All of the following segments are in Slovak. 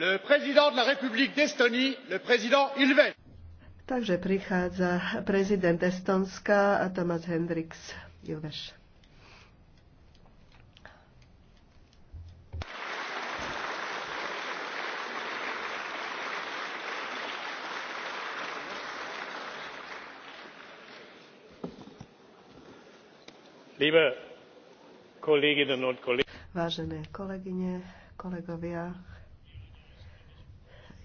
Le président de la République d'Estonie, le président Ilves. Takže prichádza prezident Estonska a Tomas Hendrix Ilves. Liebe Kolleginnen und Kollegen. Vážené kolegyne, kolegovia,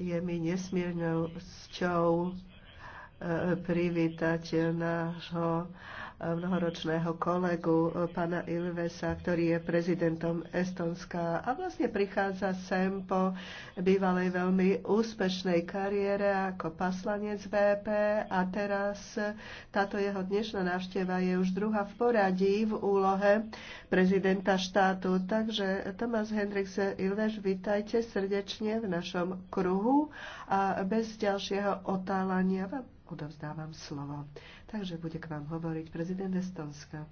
je mi nesmiernou cťou eh, privítať eh, nášho mnohoročného kolegu eh, pana Ilvesa, ktorý je prezidentom Estonska a vlastne prichádza sem po bývalej veľmi úspešnej kariére ako paslanec VP a teraz táto jeho dnešná návšteva je už druhá v poradí v úlohe prezidenta štátu. Takže Tomás Hendrix Ilves, vítajte srdečne v našom kruhu a bez ďalšieho otálania vám odovzdávam slovo. Takže bude k vám hovoriť prezident Estonska.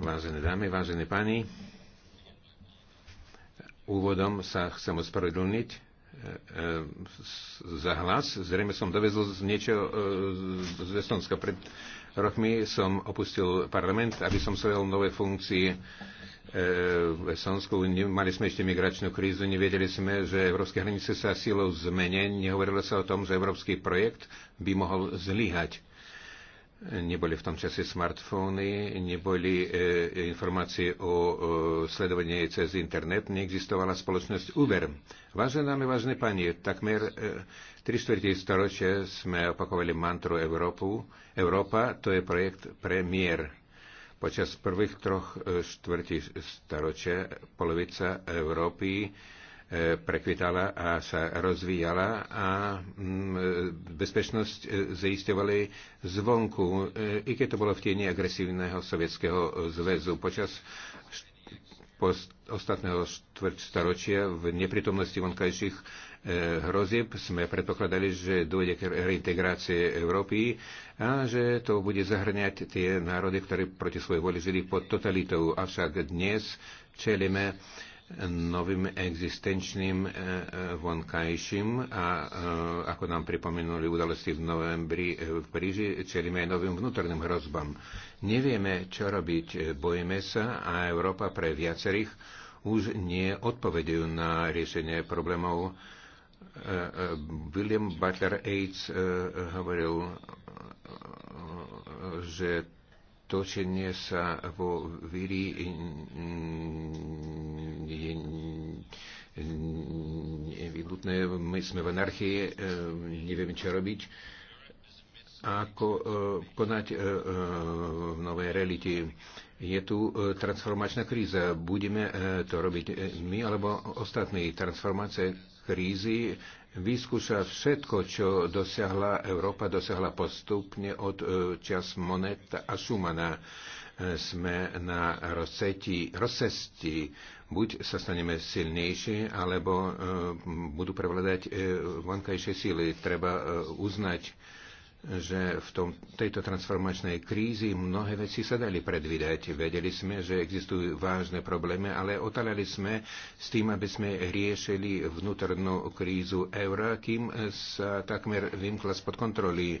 Vážené dámy, vážené páni, úvodom sa chcem ospravedlniť e, e, za hlas. Zrejme som dovezol z niečo e, z Estonska. Pred rokmi som opustil parlament, aby som svojel nové funkcie v Estonsku. Mali sme ešte migračnú krízu, nevedeli sme, že európske hranice sa sílou zmenia. Nehovorilo sa o tom, že európsky projekt by mohol zlyhať neboli v tom čase smartfóny, neboli e, informácie o e, sledovaní cez internet, neexistovala spoločnosť Uber. Vážené dámy, vážené pani, takmer e, 3 čtvrtí storočia sme opakovali mantru Európu. Európa to je projekt premiér. Počas prvých troch e, štvrtí storočia polovica Európy e, prekvitala a sa rozvíjala a mm, e, bezpečnosť e, zaistovali zvonku, e, i keď to bolo v tieni agresívneho sovietského zväzu. Počas ostatného storočia, v neprítomnosti vonkajších hrozieb sme predpokladali, že dôjde k reintegrácie Európy a že to bude zahrňať tie národy, ktoré proti svojej voli žili pod totalitou. Avšak dnes čelíme novým existenčným e, e, vonkajším a e, ako nám pripomenuli udalosti v novembri v Paríži, čelíme aj novým vnútorným hrozbám. Nevieme, čo robiť, bojíme sa a Európa pre viacerých už nie na riešenie problémov. William Butler Aids hovoril, že točenie sa vo víri smutné, my sme v anarchii, e, nevieme, čo robiť. Ako e, konať e, v novej realite? Je tu transformačná kríza. Budeme to robiť my alebo ostatní. Transformácie krízy vyskúša všetko, čo dosiahla Európa, dosiahla postupne od čas Moneta a Schumana sme na rozceti, rozcesti. Buď sa staneme silnejšie, alebo eh, budú prevládať eh, vonkajšie síly. Treba eh, uznať že v tom, tejto transformačnej krízi mnohé veci sa dali predvídať. Vedeli sme, že existujú vážne problémy, ale otalali sme s tým, aby sme riešili vnútornú krízu eura, kým sa takmer vymkla spod kontroly. E,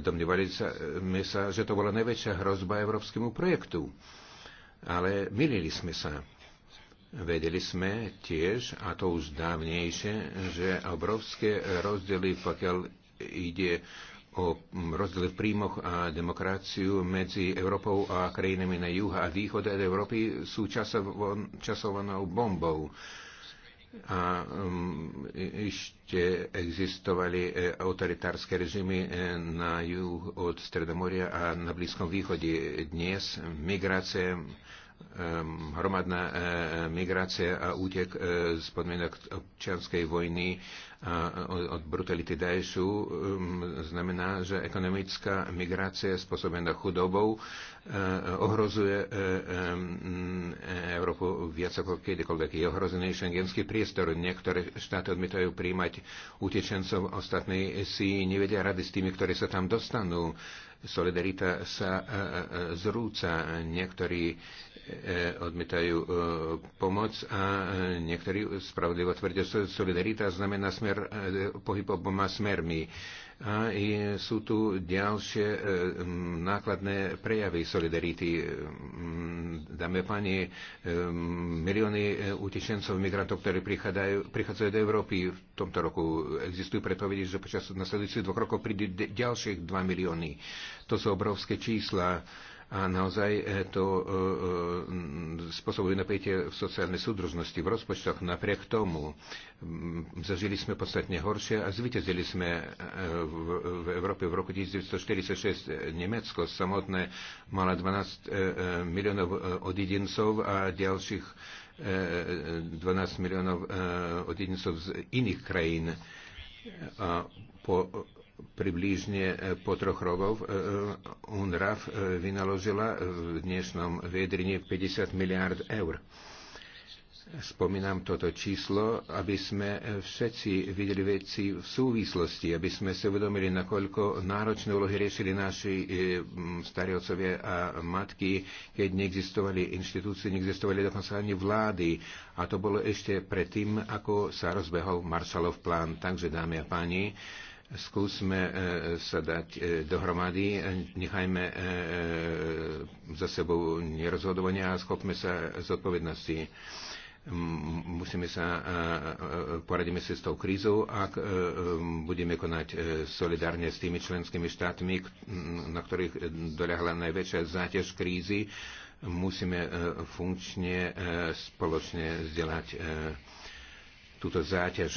Domnívali sme sa, že to bola najväčšia hrozba európskemu projektu. Ale milili sme sa. Vedeli sme tiež, a to už dávnejšie, že obrovské rozdiely, pokiaľ ide o rozdiele v príjmoch a demokraciu medzi Európou a krajinami na juh a východ od Európy sú časovanou bombou. A um, ešte existovali e, autoritárske režimy e, na juh od Stredomoria a na Blízkom východe. Dnes migrácia hromadná e, migrácia a útek e, z podmienok občianskej vojny a e, od brutality Daešu znamená, že ekonomická migrácia spôsobená chudobou ohrozuje Európu viac ako kedykoľvek. Je ohrozený šengenský priestor. Niektoré štáty odmietajú príjmať utečencov, ostatní si nevedia rady s tými, ktorí sa tam dostanú. Solidarita sa zrúca. Niektorí Eh, odmietajú eh, pomoc a eh, niektorí spravodlivo tvrdia, že solidarita znamená smer, pohyb oboma smermi. A sú tu ďalšie nákladné prejavy solidarity. Mm, Dáme pani, milióny utečencov, migrantov, ktorí prichádzajú, prichádzajú do Európy v tomto roku. Existujú predpovede, že počas nasledujúcich dvoch rokov príde ďalších 2 milióny. To sú obrovské čísla a naozaj e, to e, e, spôsobuje napätie v sociálnej súdružnosti, v rozpočtoch. Napriek tomu zažili sme podstatne horšie a zvíťazili sme v Európe v roku 1946 Nemecko samotné mala 12 miliónov odidencov a ďalších 12 miliónov odidencov z iných krajín. A po približne e, po troch rokov e, e, UNRAF vynaložila v dnešnom vedrine 50 miliárd eur. Spomínam toto číslo, aby sme všetci videli veci v súvislosti, aby sme sa uvedomili, nakoľko náročné úlohy riešili naši starí otcovia a matky, keď neexistovali inštitúcie, neexistovali dokonca ani vlády. A to bolo ešte predtým, ako sa rozbehol Marshallov plán. Takže, dámy a páni, skúsme e, sa dať e, dohromady, nechajme e, za sebou nerozhodovania a schopme sa zodpovednosti. Musíme sa, poradíme sa s tou krízou, ak budeme konať solidárne s tými členskými štátmi, na ktorých doľahla najväčšia záťaž krízy, musíme funkčne spoločne vzdelať túto záťaž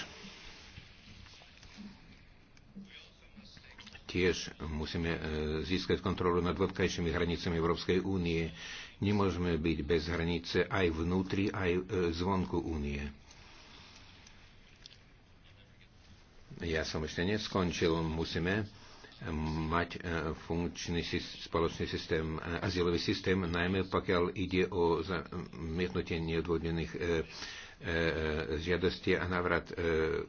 Tiež musíme e, získať kontrolu nad vodkajšími hranicami Európskej únie. Nemôžeme byť bez hranice aj vnútri, aj e, zvonku únie. Ja som ešte neskončil. Musíme e, mať funkčný spoločný systém, azylový systém, najmä pokiaľ ide o zamietnutie neodvodnených žiadostí a návrat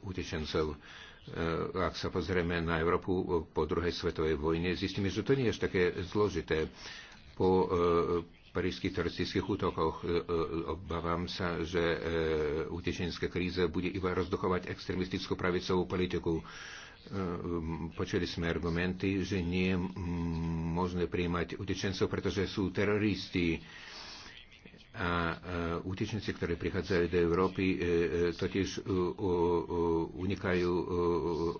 utečencov. E, ak sa pozrieme na Európu po druhej svetovej vojne, zistíme, že to nie je až také zložité. Po e, parížských teroristických útokoch e, obávam sa, že utečenská kríza bude iba rozduchovať extremistickú pravicovú politiku. Počuli sme argumenty, že nie je možné prijímať utečencov, pretože sú teroristi a utečenci, e, ktorí prichádzajú do Európy, e, e, totiž unikajú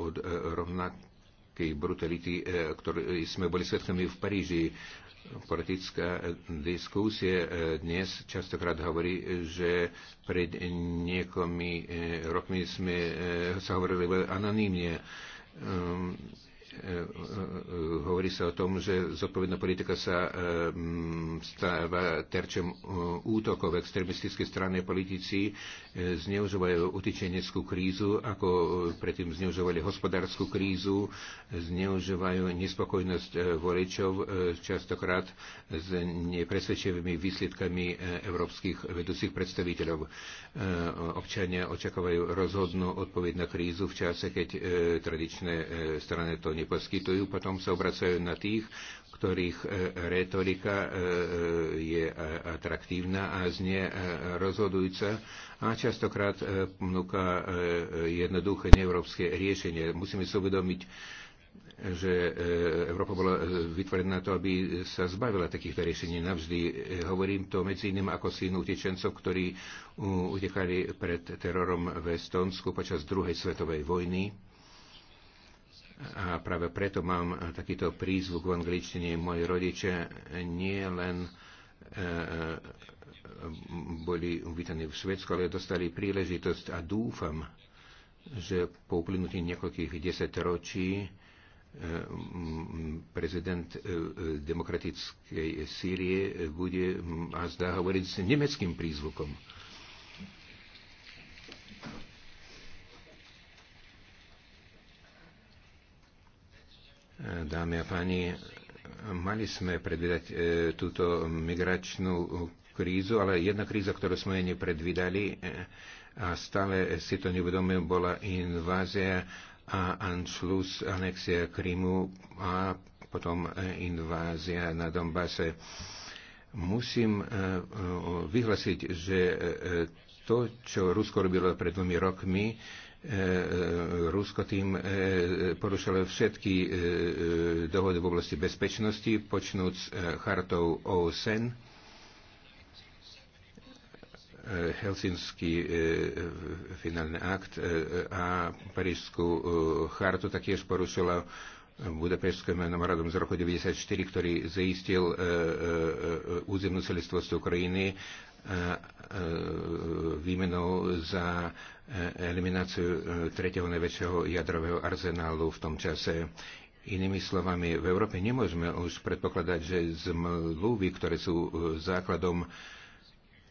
od rovnakej brutality, ktorej sme boli svetkami v Paríži. Politická diskusie dnes častokrát hovorí, že pred niekomi rokmi sme sa hovorili anonimne ehm, E, e, e, hovorí sa o tom, že zodpovedná politika sa stáva terčom útokov. Extremistické strany a politici zneužívajú utečeneckú krízu, ako predtým zneužívali hospodárskú krízu, zneužívajú nespokojnosť voličov, častokrát s nepresvedčivými výsledkami európskych vedúcich predstaviteľov. Občania očakávajú rozhodnú odpoveď na krízu v čase, keď tradičné strany to nie poskytujú, potom sa obracajú na tých, ktorých e, retorika e, e, je atraktívna a znie rozhodujúca a častokrát ponúka jednoduché neeurópske riešenie. Musíme si uvedomiť, že Európa bola vytvorená na to, aby sa zbavila takýchto riešení navždy. Hovorím to medzi iným ako syn utečencov, ktorí utekali pred terorom v Estonsku počas druhej svetovej vojny a práve preto mám e, takýto prízvuk v angličtine. Moji rodičia nie len e, e, boli uvítaní v Švedsku, ale dostali príležitosť a dúfam, že po uplynutí niekoľkých desaťročí prezident demokratickej Sýrie bude a zdá hovoriť s nemeckým prízvukom. Dámy a páni, mali sme predvídať e, túto migračnú krízu, ale jedna kríza, ktorú sme nepredvídali e, a stále si to neuvedomujeme, bola invázia a anšlus, anexia Krymu a potom e, invázia na Donbase. Musím vyhlasiť, že to, čo Rusko robilo pred dvomi rokmi, E, e, Rusko tým e, porušilo všetky dohody v oblasti bezpečnosti, počnúc chartou OSN, Helsinský finálny akt a Parížskú chartu taktiež porušila Budapešským memorandum z roku 1994, ktorý zaistil územnú celistvosť Ukrajiny E, výmenou za e, elimináciu e, tretieho najväčšieho jadrového arzenálu v tom čase. Inými slovami, v Európe nemôžeme už predpokladať, že zmluvy, ktoré sú základom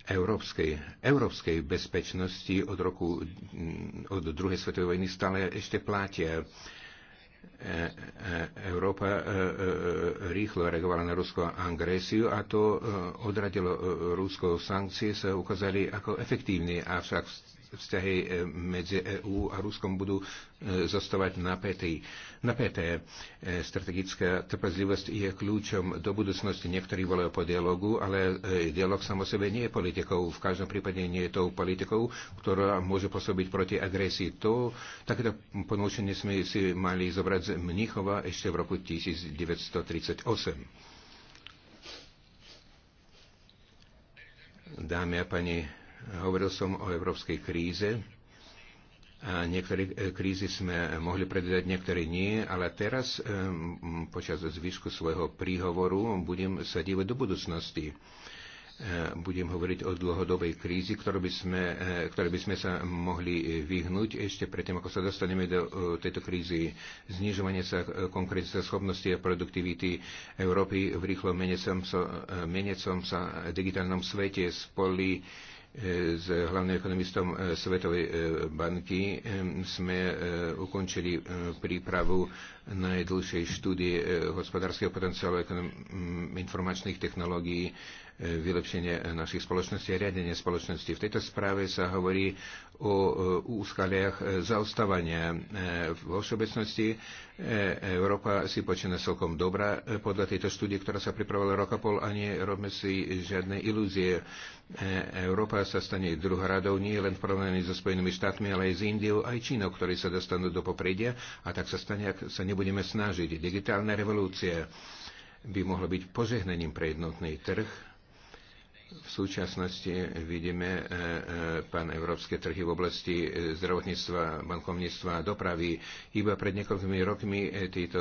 európskej, európskej bezpečnosti od, roku, od druhej svetovej vojny stále ešte platia. E, e, Európa e, rýchlo reagovala na ruskú agresiu a to odradilo Rusko. Sankcie sa ukázali ako efektívne, avšak vzťahy e, medzi EÚ a Ruskom budú e, zostávať napäté. napäté. E, strategická trpezlivosť je kľúčom do budúcnosti. niektorých volajú po dialogu, ale dialog sam o sebe nie je politikou. V každom prípade nie je tou politikou, ktorá môže pôsobiť proti agresii. To, takéto ponúčenie sme si mali zobrať z Mnichova ešte v roku 1938. Dámy a pani Hovoril som o európskej kríze. A niektoré e, krízy sme mohli predvedať, niektoré nie, ale teraz e, počas zvyšku svojho príhovoru budem sa dívať do budúcnosti. E, budem hovoriť o dlhodobej krízi, ktoré by sme, ktoré by sme sa mohli vyhnúť ešte predtým, ako sa dostaneme do tejto krízy. Znižovanie sa konkrétne schopnosti a produktivity Európy v rýchlo menecom sa, meniacom sa digitálnom svete spoli s hlavným ekonomistom e, Svetovej e, banky sme e, ukončili prípravu najdlhšej štúdie e, hospodárskeho potenciálu informačných technológií, e, vylepšenie našich spoločností a riadenie spoločnosti. V tejto správe sa hovorí o e, úskaliach zaostávania. Vo všeobecnosti Európa si počína celkom dobrá podľa tejto štúdie, ktorá sa rok a pol a nie robme si žiadne ilúzie. Európa sa stane druhoradou nie len v porovnaní so Spojenými štátmi, ale aj s Indiou, aj Čínou, ktorí sa dostanú do popredia a tak sa stane, ak sa nebude budeme snažiť. Digitálna revolúcia by mohla byť požehnaním pre jednotný trh v súčasnosti vidíme e, e, pán európske trhy v oblasti e, zdravotníctva, bankovníctva a dopravy. Iba pred niekoľkými rokmi títo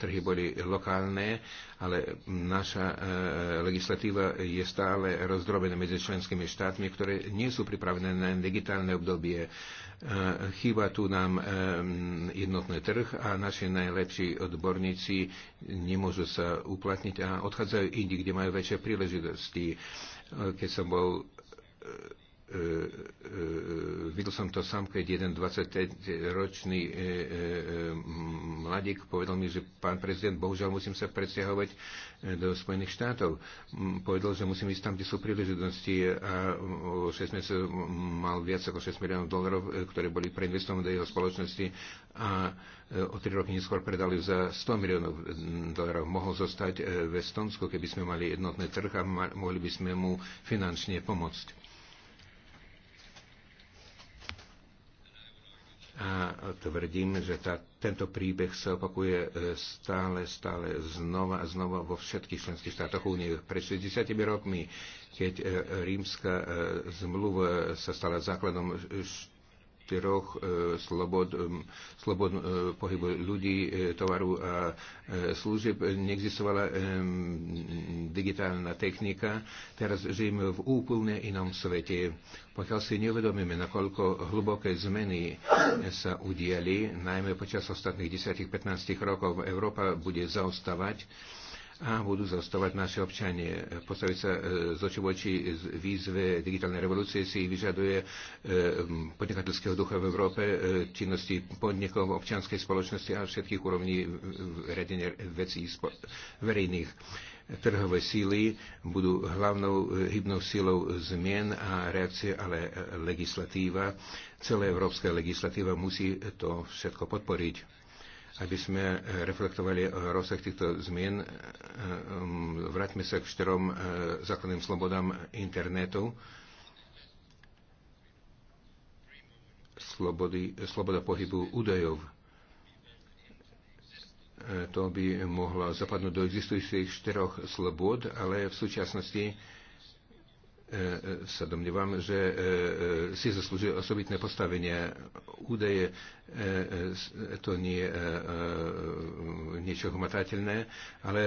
trhy boli lokálne, ale naša legislatíva je stále rozdrobená medzi členskými štátmi, ktoré nie sú pripravené na digitálne obdobie. Chýba tu nám jednotný trh a naši najlepší odborníci nemôžu sa uplatniť a odchádzajú indi, kde majú väčšie príležitosti keď som bol E, e, e, videl som to sám, keď jeden 25-ročný mladík povedal mi, že pán prezident, bohužiaľ musím sa presťahovať do Spojených štátov. Povedal, že musím ísť tam, kde sú príležitosti a o 6 mesiacov mal viac ako 6 miliónov dolarov, ktoré boli preinvestované do jeho spoločnosti a o 3 roky neskôr predali za 100 miliónov dolarov. Mohol zostať v Estonsku, keby sme mali jednotný trh a mohli by sme mu finančne pomôcť tvrdím, že tá, tento príbeh sa opakuje e, stále, stále znova a znova vo všetkých členských štátoch únie. Pred 60 rokmi, keď e, rímska e, zmluva sa stala základom št- štyroch e, slobod, e, slobod e, pohybu ľudí, tovaru a služieb. Neexistovala digitálna technika. Teraz žijeme v úplne inom svete. Pokiaľ si neuvedomíme, nakoľko hlboké zmeny sa udiali, najmä počas ostatných 10-15 rokov, Európa bude zaostávať a budú zastávať naše občanie. Postaviť sa e, z oči voči výzve digitálnej revolúcie si vyžaduje e, podnikateľského ducha v Európe, e, činnosti podnikov, občianskej spoločnosti a všetkých úrovní riadenia vecí verejných trhové síly budú hlavnou hybnou sílou zmien a reakcie, ale legislatíva, celá európska legislatíva musí to všetko podporiť aby sme e, reflektovali e, rozsah týchto zmien. E, vráťme sa k štyrom základným slobodám internetu. Slobody, sloboda pohybu údajov. To by mohlo zapadnúť do existujúcich štyroch slobod, ale v súčasnosti E, e, sa domnievam, že e, si zaslúžil osobitné postavenie. Údaje to nie je niečo hmatateľné, ale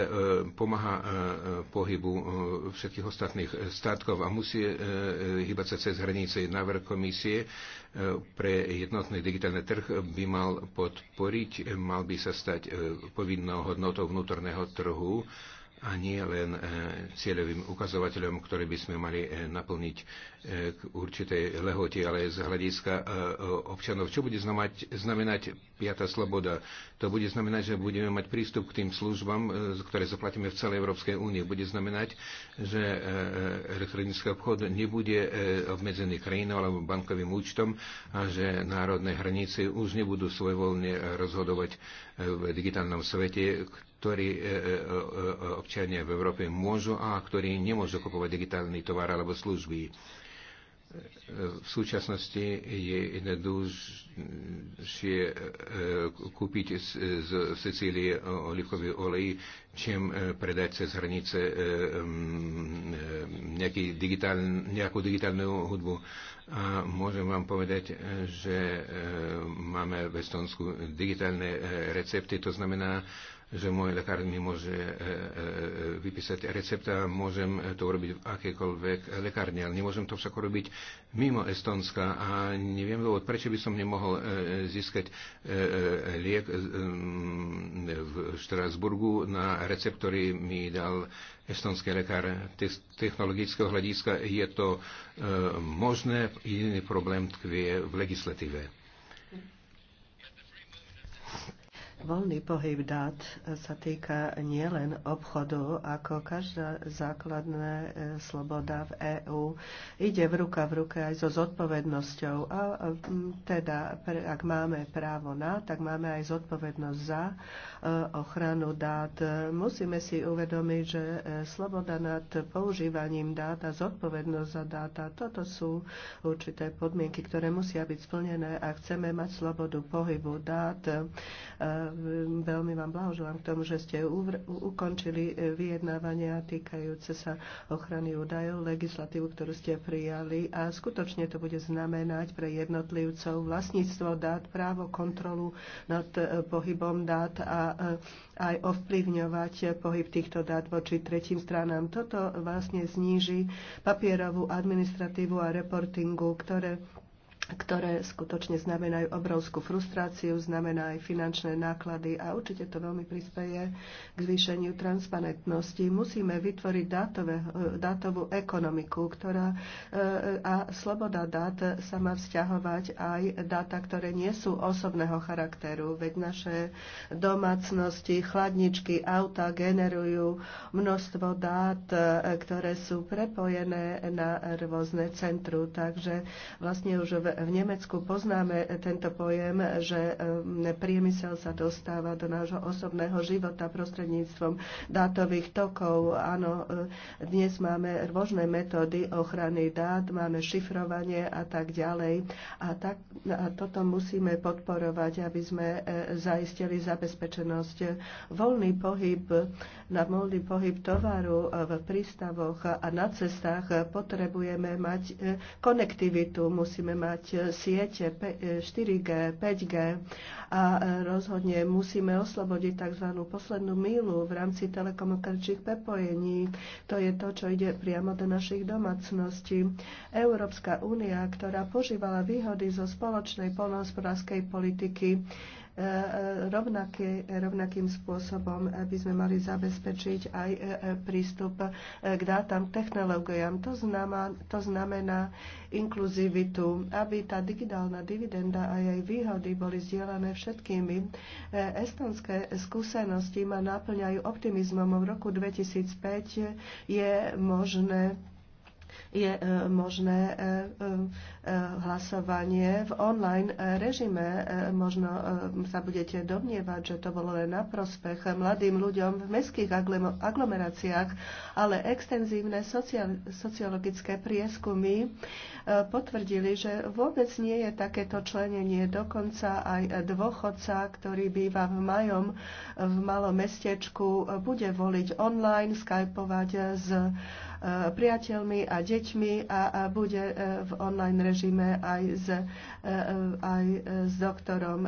pomáha pohybu všetkých ostatných statkov a musí hýbať sa cez hranice. Návrh komisie pre jednotný digitálny trh by mal podporiť, mal by sa stať povinnou hodnotou vnútorného trhu a nie len eh, cieľovým ukazovateľom, ktorý by sme mali eh, naplniť E, k určitej lehote, ale z hľadiska e, e, občanov. Čo bude znamať, znamenať piata sloboda? To bude znamenať, že budeme mať prístup k tým službám, ktoré zaplatíme v celej Európskej únie. Bude znamenať, že elektronický obchod nebude obmedzený krajinou alebo bankovým účtom a že národné hranice už nebudú svojvoľne rozhodovať v digitálnom svete, ktorí občania v Európe môžu a ktorí nemôžu kupovať digitálny tovar alebo služby v súčasnosti je jednoduchšie eh, kúpiť z Sicílie olivkový olej, čím eh, predať cez hranice eh, mm, digitál, nejakú digitálnu hudbu. A môžem vám povedať, že máme v Estonsku digitálne recepty, to znamená, že môj lekár mi môže e, e, e, vypísať recept a môžem to urobiť v akékoľvek lekárni, ale nemôžem to však robiť mimo Estonska a neviem dôvod, prečo by som nemohol získať liek v Štrasburgu na recept, ktorý mi dal estonský lekár. Z technologického hľadiska je to možné, jediný problém tkvie v legislatíve. Voľný pohyb dát sa týka nielen obchodu, ako každá základná e, sloboda v EÚ. Ide v ruka v ruke aj so zodpovednosťou. A e, teda, ak máme právo na, tak máme aj zodpovednosť za e, ochranu dát. Musíme si uvedomiť, že sloboda nad používaním dát a zodpovednosť za dáta, toto sú určité podmienky, ktoré musia byť splnené a chceme mať slobodu pohybu dát veľmi vám blahoželám k tomu, že ste ukončili e, vyjednávania týkajúce sa ochrany údajov, legislatívu, ktorú ste prijali a skutočne to bude znamenať pre jednotlivcov vlastníctvo dát, právo kontrolu nad e, pohybom dát a e, aj ovplyvňovať pohyb týchto dát voči tretím stranám. Toto vlastne zníži papierovú administratívu a reportingu, ktoré ktoré skutočne znamenajú obrovskú frustráciu, znamená aj finančné náklady a určite to veľmi prispieje k zvýšeniu transparentnosti. Musíme vytvoriť dátové, e, dátovú ekonomiku, ktorá e, a sloboda dát sa má vzťahovať aj dáta, ktoré nie sú osobného charakteru, veď naše domácnosti, chladničky, auta generujú množstvo dát, e, ktoré sú prepojené na rôzne centru, takže vlastne už v v Nemecku poznáme tento pojem, že e, priemysel sa dostáva do nášho osobného života prostredníctvom dátových tokov. Áno, e, dnes máme rôzne metódy ochrany dát, máme šifrovanie a tak ďalej. A, tak, a toto musíme podporovať, aby sme e, zaistili zabezpečenosť. Voľný pohyb, na voľný pohyb tovaru v prístavoch a na cestách potrebujeme mať konektivitu, musíme mať E, siete 4G, e, 5G a e, rozhodne musíme oslobodiť tzv. poslednú mílu v rámci telekomunikačných prepojení. To je to, čo ide priamo do našich domácností. Európska únia, ktorá požívala výhody zo spoločnej polnohospodárskej politiky, E, e, rovnaký, rovnakým spôsobom by sme mali zabezpečiť aj e, prístup k dátam, k technológiám. To znamená, to znamená inkluzivitu, aby tá digitálna dividenda a jej výhody boli zdieľané všetkými. Estonské skúsenosti ma naplňajú optimizmom. V roku 2005 je možné je e, možné e, e, hlasovanie v online režime. Možno sa budete domnievať, že to bolo len na prospech mladým ľuďom v mestských aglomeráciách, ale extenzívne sociologické prieskumy potvrdili, že vôbec nie je takéto členenie. Dokonca aj dôchodca, ktorý býva v majom v malom mestečku, bude voliť online, skypovať s E, priateľmi a deťmi a, bude e, v online režime aj s, e, aj s doktorom.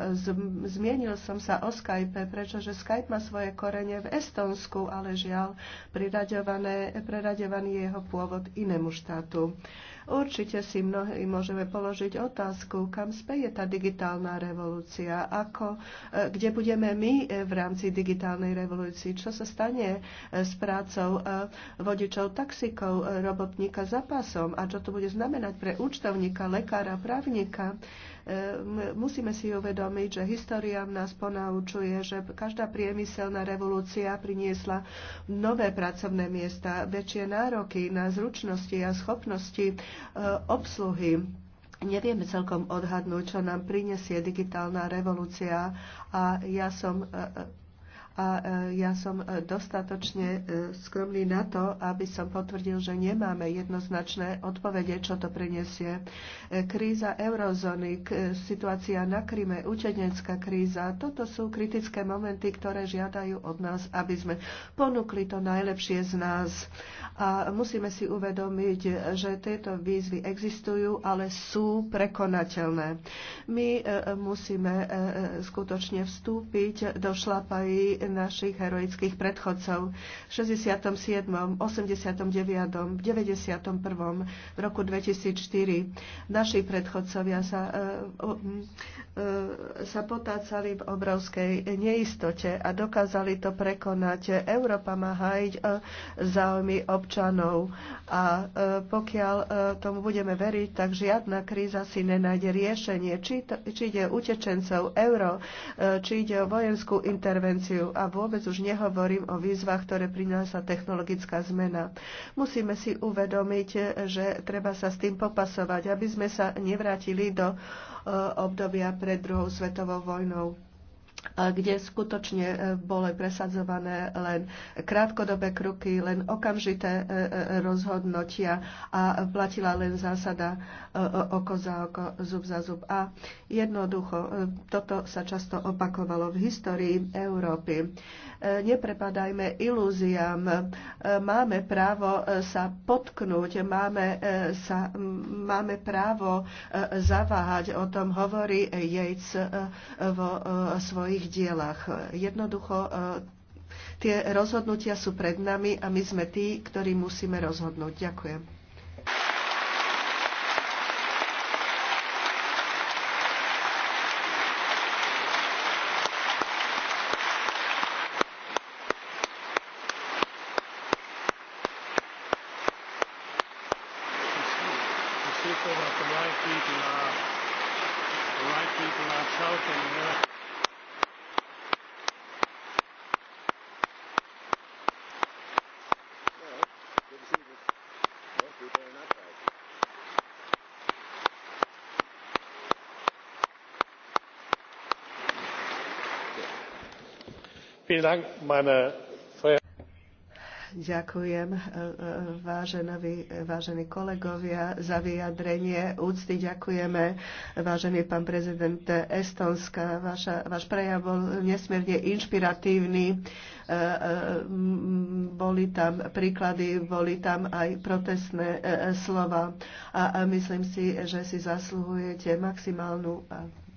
Zmienil som sa o Skype, pretože Skype má svoje korene v Estonsku, ale žiaľ priraďovaný je jeho pôvod inému štátu. Určite si mnohí môžeme položiť otázku, kam speje tá digitálna revolúcia, ako, e, kde budeme my e, v rámci digitálnej revolúcii, čo sa stane e, s prácou vodičov taxikov, robotníka za pasom a čo to bude znamenať pre účtovníka, lekára, právnika. Musíme si uvedomiť, že história nás ponaučuje, že každá priemyselná revolúcia priniesla nové pracovné miesta, väčšie nároky na zručnosti a schopnosti e, obsluhy Nevieme celkom odhadnúť, čo nám prinesie digitálna revolúcia a ja som e, e, a e, ja som e, dostatočne e, skromný na to, aby som potvrdil, že nemáme jednoznačné odpovede, čo to prinesie. Kríza eurozóny, situácia na Kryme, učenecká kríza, toto sú kritické momenty, ktoré žiadajú od nás, aby sme ponúkli to najlepšie z nás. A musíme si uvedomiť, že tieto výzvy existujú, ale sú prekonateľné. My musíme skutočne vstúpiť do šlapají našich heroických predchodcov. V 67., 89., 91., v roku 2004 naši predchodcovia sa, e, e, sa potácali v obrovskej neistote a dokázali to prekonať. Európa má hájiť e, záujmy občanov a pokiaľ tomu budeme veriť, tak žiadna kríza si nenájde riešenie. Či, to, či ide utečencov, euro, či ide o vojenskú intervenciu a vôbec už nehovorím o výzvach, ktoré prináša technologická zmena. Musíme si uvedomiť, že treba sa s tým popasovať, aby sme sa nevrátili do e, obdobia pred druhou svetovou vojnou kde skutočne e, boli presadzované len krátkodobé kroky, len okamžité e, e, rozhodnutia a platila len zásada oko za oko, zub za zub. A jednoducho, toto sa často opakovalo v histórii Európy. Neprepadajme ilúziám. Máme právo sa potknúť, máme, sa, máme právo zaváhať. O tom hovorí Yates vo svoj svojich dielach. Jednoducho e, tie rozhodnutia sú pred nami a my sme tí, ktorí musíme rozhodnúť. Ďakujem. Ďakujem e, e, váženovi, vážení kolegovia za vyjadrenie úcty. Ďakujeme, vážený pán prezident Estonska. Vaša, váš prejav bol nesmierne inšpiratívny. E, boli tam príklady, boli tam aj protestné slova. A myslím si, že si zasluhujete maximálnu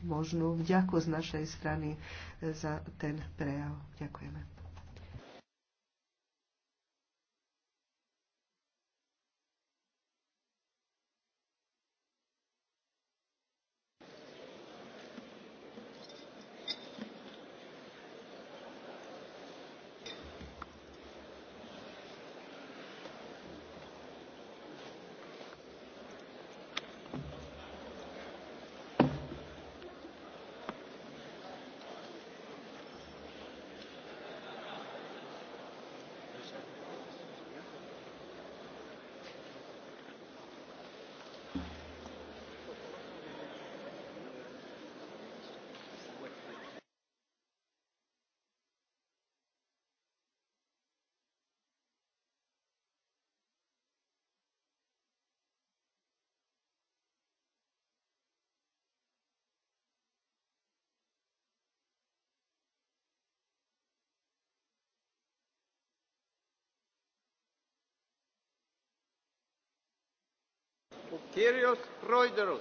možnú vďaku z našej strany za ten prejav. Ďakujeme. Kyrios Proiderus.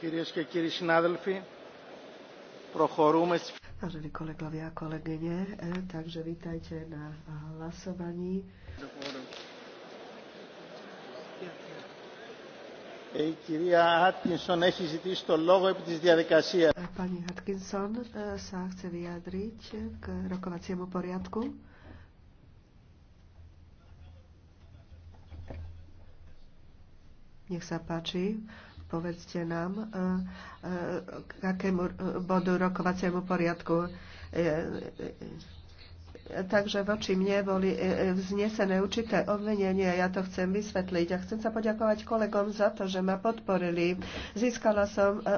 Κυρίες και κύριοι συνάδελφοι, προχωρούμε Vážení kolegovia a kolegyne, takže vítajte na eh, hlasovaní. Pani Atkinson sa chce vyjadriť k rokovaciemu poriadku. Nech sa páči, povedzte nám, e, e, k akému e, bodu rokovaciemu poriadku Takže voči mne boli e, e, vznesené určité obvinenia, ja to chcem vysvetliť. A chcem sa poďakovať kolegom za to, že ma podporili. Získala som e,